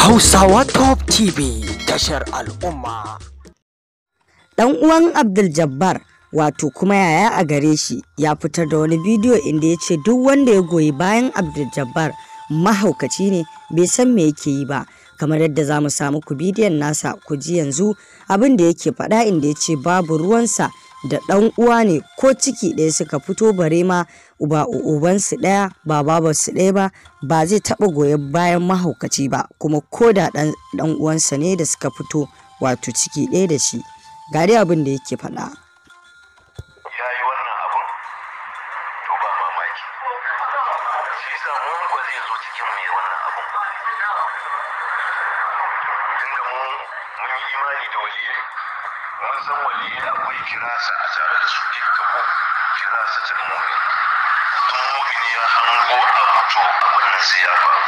Hausawa Top TV tashar al'umma. Ɗan uwan Abdul Jabbar wato kuma yaya a gare shi ya fitar da wani bidiyo inda ya ce duk wanda ya goyi bayan Abdul Jabbar mahaukaci ne bai san me yake yi ba kamar yadda za mu samu ku bidiyon nasa ku ji yanzu abinda yake faɗa inda ya ce babu ruwansa da ɗan uwa ne ko ciki ɗaya suka fito bare ma uba ubansu ɗaya ba babarsu ɗaya ba ba zai taɓa goyon bayan mahaukaci ba kuma ko da ɗan uwansa ne da suka fito wato ciki ɗaya da shi ga abin da yake faɗa. ya zo cikin imani da mun san waliyai akwai kirasa a tare da su ka kira kirasa ta mumin duk mumin ya hango a fito a nan sai ya faru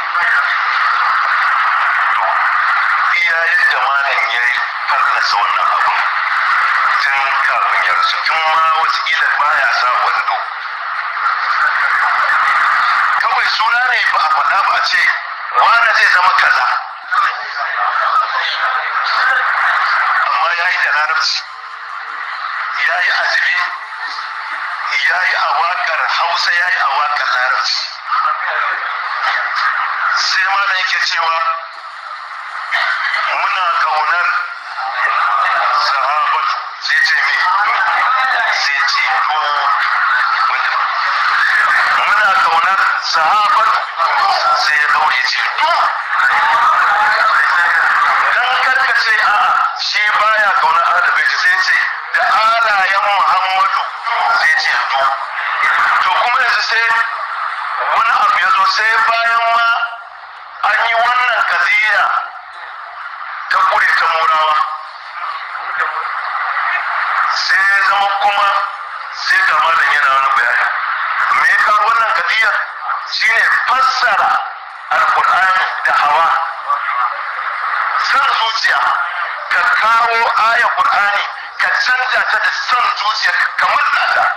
iya yadda malam ya yi fallasa wannan abin tun kafin ya rasu tun ma wasu baya sa wando kawai suna ne ba a faɗa ba ce wane zai zama kaza ilahi yi da larabci ya yi azumi ya yi a waƙar hausa ya yi a waƙar larabci sai ma da yake cewa muna kaunar sahabatu zai ce me zai ce oh, muna kaunar sahabatu zai ya kaure ce to oh. dan karkace a to sai bayan ma an yi wannan kaziya ta kure ta murawa sai zama kuma sai ga malam yana wani bayani me ya kawo wannan kaziya ne fassara alkur'ani da hawa san zuciya ka kawo ayar qur'ani ka canza ta da san zuciya kamar mallata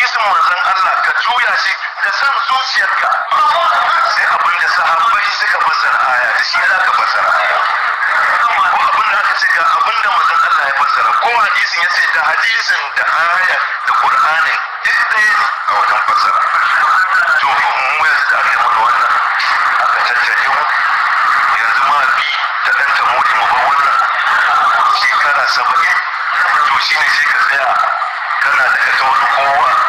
hadisin manzon Allah ka juya shi da san zuciyarka sai abin da sahabbai suka fassara aya da shi za ka fassara ko abin da aka ce ga abin da manzon Allah ya fassara ko hadisin ya ce da hadisin da aya da Qur'anin duk ɗaya ne a wajen fassara to mu yanzu da aka yi mana wannan aka tattaje mu yanzu ma bi ta ɗan ta mu ba wannan shekara saba'in to shine sai ka tsaya kana da ka wani kowa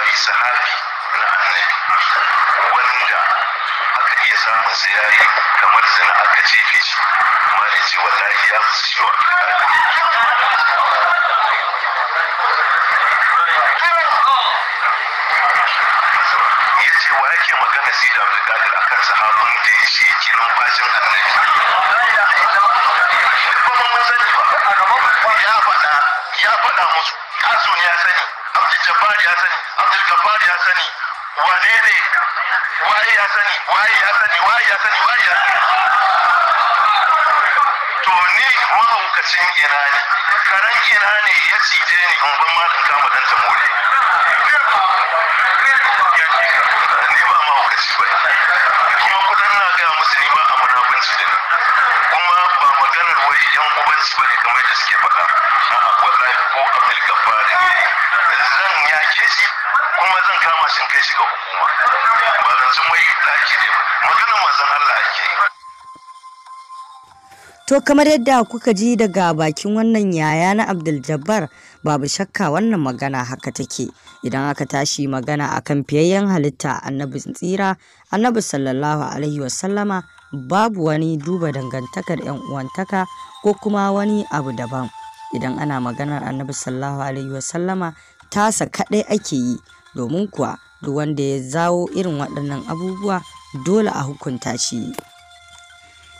saurari sahabi na annabi wanda aka iya samun sa ya yi kamar zina aka jefe shi ma ya ce wallahi ya fi ciwo ya ce wa yake magana sai da abdulkadir akan sahabin da ya shi yake numfashin annabi ya faɗa ya faɗa musu kasu ya sani abdul ya sani abdul ya sani wane ne waye ya sani waye ya sani waye ya sani waye ya sani to ni mahaukacin ina ne karan ina ne ya cije ni in ban ma in kama dan tamore ni ba mahaukaci ba kuma kudan na ga musu ni ba a munafunci din kuma ba maganar wai yan ba ne kamar da suke faɗa a'a wallahi ko abdul ne shi kuma zan kama shi kai shi ga hukuma ba zancen wai ɗaki ne maganar manzon Allah ake yi To kamar yadda kuka ji daga bakin wannan yaya na Abdul Jabbar babu shakka wannan magana haka take idan aka tashi magana akan fiyayyen halitta annabi tsira annabi sallallahu alaihi wasallama babu wani duba dangantakar yan uwantaka ko kuma wani abu daban idan ana maganar annabi sallallahu alaihi wasallama tasa kaɗai ake yi domin kuwa duk wanda ya zawo irin waɗannan abubuwa dole a hukunta shi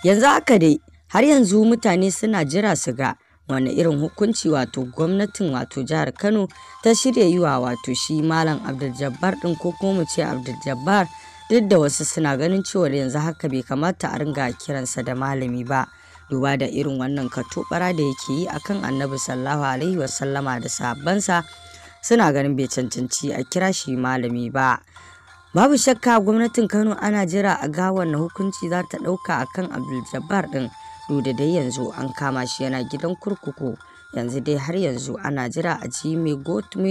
yanzu haka dai har yanzu mutane suna jira su ga wani irin hukunci wato gwamnatin wato jihar kano ta shirya yi wa wato shi malam abdul ɗin ko kuma mu ce abdul duk da wasu suna ganin cewa yanzu haka bai kamata a ringa kiransa da malami ba duba da irin wannan katobara da yake yi akan annabi sallallahu alaihi wasallama da sahabbansa suna ganin bai cancanci a kira shi malami ba babu shakka gwamnatin kano ana jira a gawar na hukunci za ta ɗauka a kan abdul-jabbar ɗin da dai yanzu an kama shi yana gidan kurkuku yanzu dai har yanzu ana jira a ji mai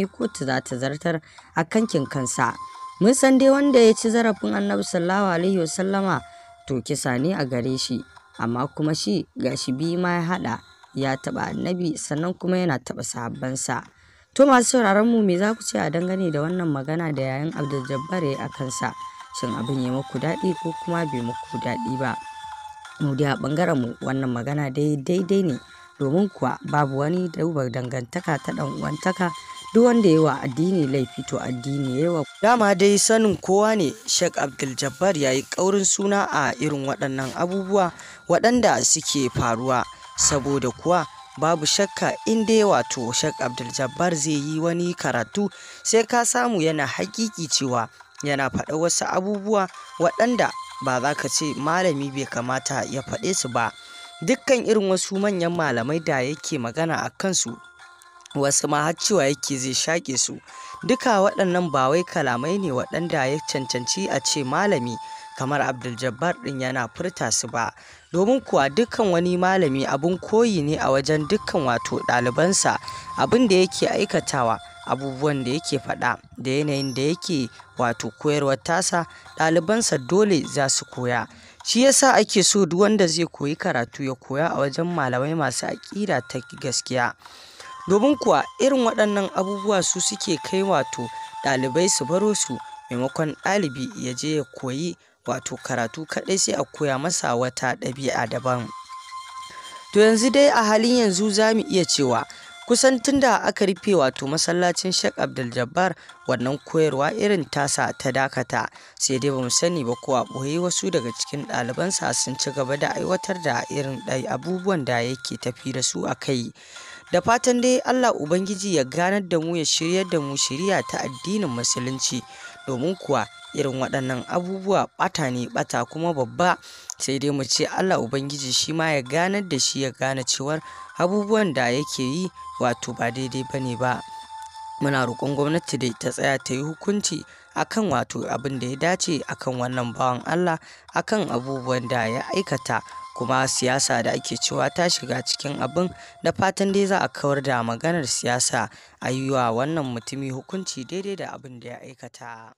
kotu za ta zartar a kankin kansa mun san dai wanda ya ci zarafin annabi sallawa alaihi sallama to kisa ne a gare shi amma kuma shi gashi biyu ma ya haɗa ya taɓa annabi sannan kuma yana taɓa sahabbansa. To masu sauraron mu me za ku ce a dangane da wannan magana da yayin Abdul a kansa sa? Shin abin ya muku daɗi ko kuma bai muku daɗi ba? Mu da bangaren mu wannan magana dai daidai ne domin kuwa babu wani dauba dangantaka ta dan uwantaka duk wanda yawa addini laifi to addini yawa dama dai sanin kowa ne Sheikh Abdul Jabbar yayi kaurin suna a irin waɗannan abubuwa waɗanda suke faruwa saboda kuwa babu shakka in dai wato Sheikh Abdul Jabbar zai yi wani karatu sai ka samu yana hakiki cewa yana faɗa wasu abubuwa waɗanda ba za ka ce malami bai kamata ya faɗe su ba dukkan irin wasu manyan malamai da yake magana a kansu wasu ma har cewa yake zai shaƙe su duka waɗannan ba wai kalamai ne waɗanda ya cancanci a ce malami kamar abdul jabbar ɗin yana furta su ba domin kuwa dukkan wani malami abun koyi ne a wajen dukkan wato ɗalibansa abin da yake aikatawa abubuwan da yake faɗa da yanayin da yake wato koyarwar tasa ɗalibansa dole za su koya shi yasa ake so duk wanda zai koyi karatu ya koya a wajen malamai masu aƙida ta gaskiya domin kuwa irin waɗannan abubuwa su suke kai wato ɗalibai su baro su maimakon ɗalibi ya je ya koyi wato karatu kaɗai sai a koya masa wata ɗabi'a daban to yanzu dai a halin yanzu za mu iya cewa kusan tunda aka rufe wato masallacin Sheikh Abdul Jabbar wannan koyarwa irin tasa ta dakata sai dai bamu sani ba ko a boye wasu daga cikin ɗalibansa sun ci gaba da aiwatar da irin ɗai abubuwan da yake tafi da su a kai da fatan dai Allah Ubangiji ya ganar da mu ya shiryar da mu shiriya ta addinin musulunci domin kuwa irin waɗannan abubuwa ɓata ne ɓata kuma babba sai dai mu ce Allah Ubangiji shi ma ya ganar da shi ya gane cewar abubuwan da yake yi wato ba daidai ba ne ba muna roƙon gwamnati da ta tsaya ta yi hukunci akan wato abin da ya dace akan wannan bawan Allah akan abubuwan da ya aikata kuma siyasa da ake cewa ta shiga cikin abin da fatan dai za a kawar da maganar siyasa a yi wa wannan mutumi hukunci daidai da abin da ya aikata